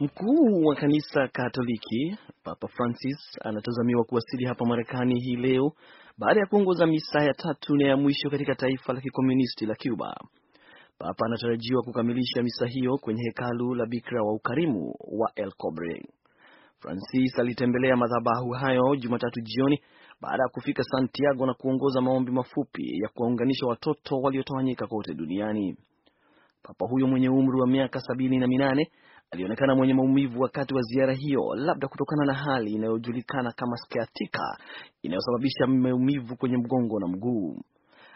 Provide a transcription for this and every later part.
Mkuu wa kanisa Katoliki Papa Francis anatazamiwa kuwasili hapa Marekani hii leo baada ya kuongoza misa ya tatu na ya mwisho katika taifa la kikomunisti la Cuba. Papa anatarajiwa kukamilisha misa hiyo kwenye hekalu la Bikira wa Ukarimu wa El Cobre. Francis alitembelea madhabahu hayo Jumatatu jioni baada ya kufika Santiago na kuongoza maombi mafupi ya kuwaunganisha watoto waliotawanyika kote duniani. Papa huyo mwenye umri wa miaka sabini na minane alionekana mwenye maumivu wakati wa ziara hiyo, labda kutokana na hali inayojulikana kama sciatica inayosababisha maumivu kwenye mgongo na mguu.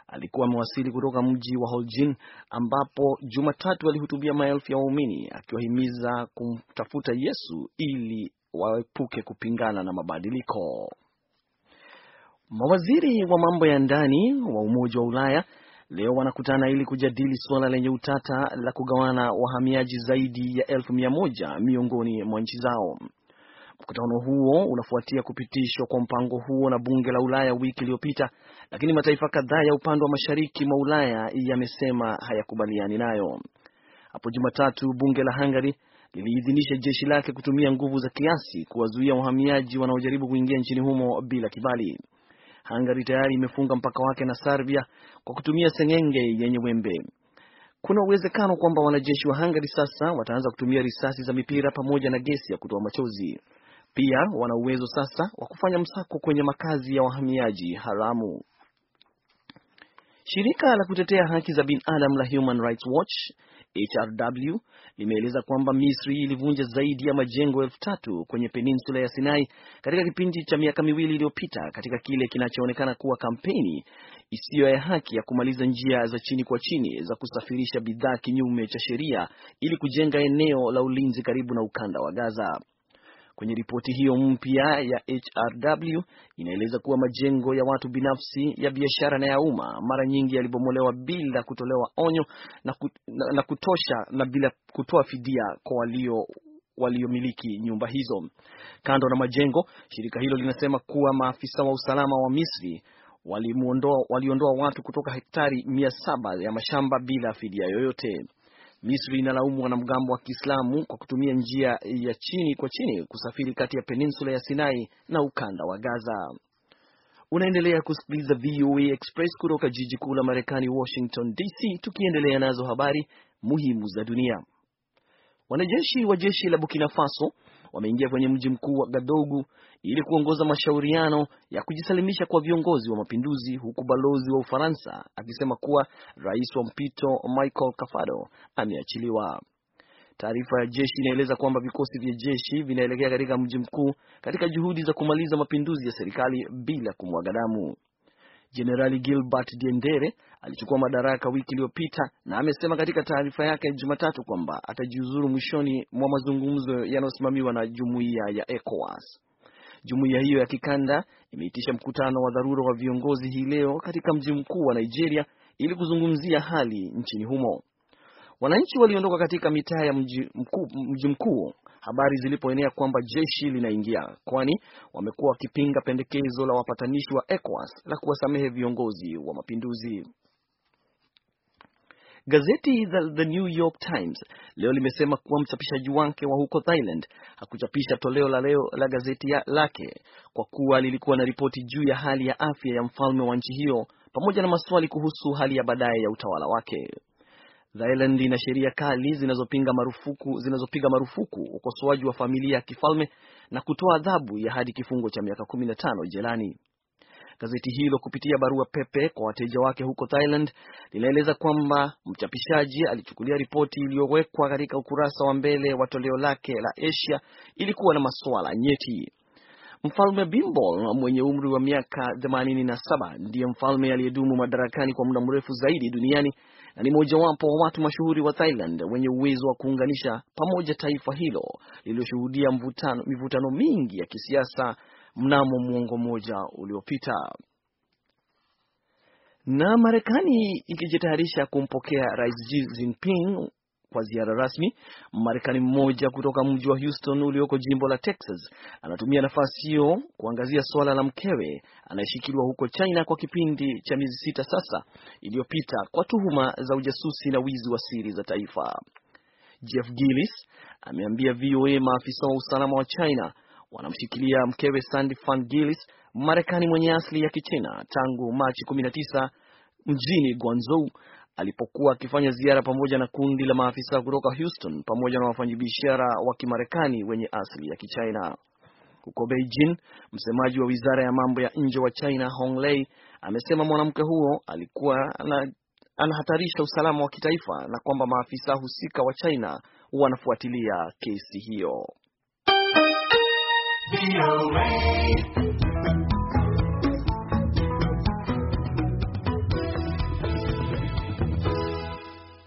Alikuwa amewasili kutoka mji wa Holjin ambapo Jumatatu alihutubia maelfu ya waumini akiwahimiza kumtafuta Yesu ili waepuke kupingana na mabadiliko. Mawaziri wa mambo ya ndani wa Umoja wa Ulaya leo wanakutana ili kujadili suala lenye utata la kugawana wahamiaji zaidi ya elfu mia moja miongoni mwa nchi zao. Mkutano huo unafuatia kupitishwa kwa mpango huo na bunge la Ulaya wiki iliyopita, lakini mataifa kadhaa ya upande wa mashariki mwa Ulaya yamesema hayakubaliani nayo. Hapo Jumatatu, bunge la Hungary liliidhinisha jeshi lake kutumia nguvu za kiasi kuwazuia wahamiaji wanaojaribu kuingia nchini humo bila kibali. Hungary tayari imefunga mpaka wake na Serbia kwa kutumia sengenge yenye wembe. Kuna uwezekano kwamba wanajeshi wa Hungary sasa wataanza kutumia risasi za mipira pamoja na gesi ya kutoa machozi. Pia wana uwezo sasa wa kufanya msako kwenye makazi ya wahamiaji haramu. Shirika la kutetea haki za binadamu la Human Rights Watch HRW limeeleza kwamba Misri ilivunja zaidi ya majengo elfu tatu kwenye peninsula ya Sinai katika kipindi cha miaka miwili iliyopita katika kile kinachoonekana kuwa kampeni isiyo ya haki ya kumaliza njia za chini kwa chini za kusafirisha bidhaa kinyume cha sheria ili kujenga eneo la ulinzi karibu na ukanda wa Gaza. Kwenye ripoti hiyo mpya ya HRW inaeleza kuwa majengo ya watu binafsi, ya biashara na ya umma mara nyingi yalibomolewa bila kutolewa onyo na, kut, na, na kutosha na bila kutoa fidia kwa walio waliomiliki nyumba hizo. Kando na majengo, shirika hilo linasema kuwa maafisa wa usalama wa Misri waliondoa watu kutoka hektari mia saba ya mashamba bila fidia yoyote. Misri inalaumu wanamgambo wa Kiislamu kwa kutumia njia ya chini kwa chini kusafiri kati ya peninsula ya Sinai na ukanda wa Gaza. Unaendelea kusikiliza VOA Express kutoka jiji kuu la Marekani, Washington DC, tukiendelea nazo habari muhimu za dunia. Wanajeshi wa jeshi la Burkina Faso wameingia kwenye mji mkuu wa Gadogu ili kuongoza mashauriano ya kujisalimisha kwa viongozi wa mapinduzi, huku balozi wa Ufaransa akisema kuwa rais wa mpito Michael Kafado ameachiliwa. Taarifa ya jeshi inaeleza kwamba vikosi vya jeshi vinaelekea katika mji mkuu katika juhudi za kumaliza mapinduzi ya serikali bila kumwaga damu. Jenerali Gilbert Diendere alichukua madaraka wiki iliyopita na amesema katika taarifa yake ya Jumatatu kwamba atajiuzuru mwishoni mwa mazungumzo yanayosimamiwa na jumuiya ya ECOWAS. Jumuiya hiyo ya kikanda imeitisha mkutano wa dharura wa viongozi hii leo katika mji mkuu wa Nigeria ili kuzungumzia hali nchini humo. Wananchi waliondoka katika mitaa ya mji mkuu, mji mkuu habari zilipoenea kwamba jeshi linaingia, kwani wamekuwa wakipinga pendekezo la wapatanishi wa ECOWAS la kuwasamehe viongozi wa mapinduzi. Gazeti The New York Times leo limesema kuwa mchapishaji wake wa huko Thailand hakuchapisha toleo la leo la gazeti ya lake kwa kuwa lilikuwa na ripoti juu ya hali ya afya ya mfalme wa nchi hiyo pamoja na maswali kuhusu hali ya baadaye ya utawala wake. Thailand ina sheria kali zinazopiga marufuku, zinazopiga marufuku ukosoaji wa familia ya kifalme na kutoa adhabu ya hadi kifungo cha miaka 15 jelani. Gazeti hilo kupitia barua pepe kwa wateja wake huko Thailand linaeleza kwamba mchapishaji alichukulia ripoti iliyowekwa katika ukurasa wa mbele wa toleo lake la Asia ilikuwa na masuala nyeti. Mfalme Bimbol mwenye umri wa miaka 87 ndiye mfalme aliyedumu madarakani kwa muda mrefu zaidi duniani na ni mojawapo wa watu mashuhuri wa Thailand wenye uwezo wa kuunganisha pamoja taifa hilo lililoshuhudia mivutano mingi ya kisiasa mnamo muongo mmoja uliopita. Na Marekani ikijitayarisha kumpokea Rais Xi Jinping kwa ziara rasmi, Marekani mmoja kutoka mji wa Houston ulioko jimbo la Texas anatumia nafasi hiyo kuangazia suala la mkewe anayeshikiliwa huko China kwa kipindi cha miezi sita sasa iliyopita kwa tuhuma za ujasusi na wizi wa siri za taifa. Jeff Gillis ameambia VOA maafisa wa usalama wa China wanamshikilia mkewe Sandy Fan Gillis, Marekani mwenye asili ya Kichina tangu Machi 19 mjini Guangzhou alipokuwa akifanya ziara pamoja na kundi la maafisa kutoka Houston pamoja na wafanyabiashara wa Kimarekani wenye asili ya Kichina. Huko Beijing, msemaji wa wizara ya mambo ya nje wa China Hong Lei amesema mwanamke huo alikuwa anahatarisha usalama wa kitaifa na kwamba maafisa husika wa China wanafuatilia kesi hiyo.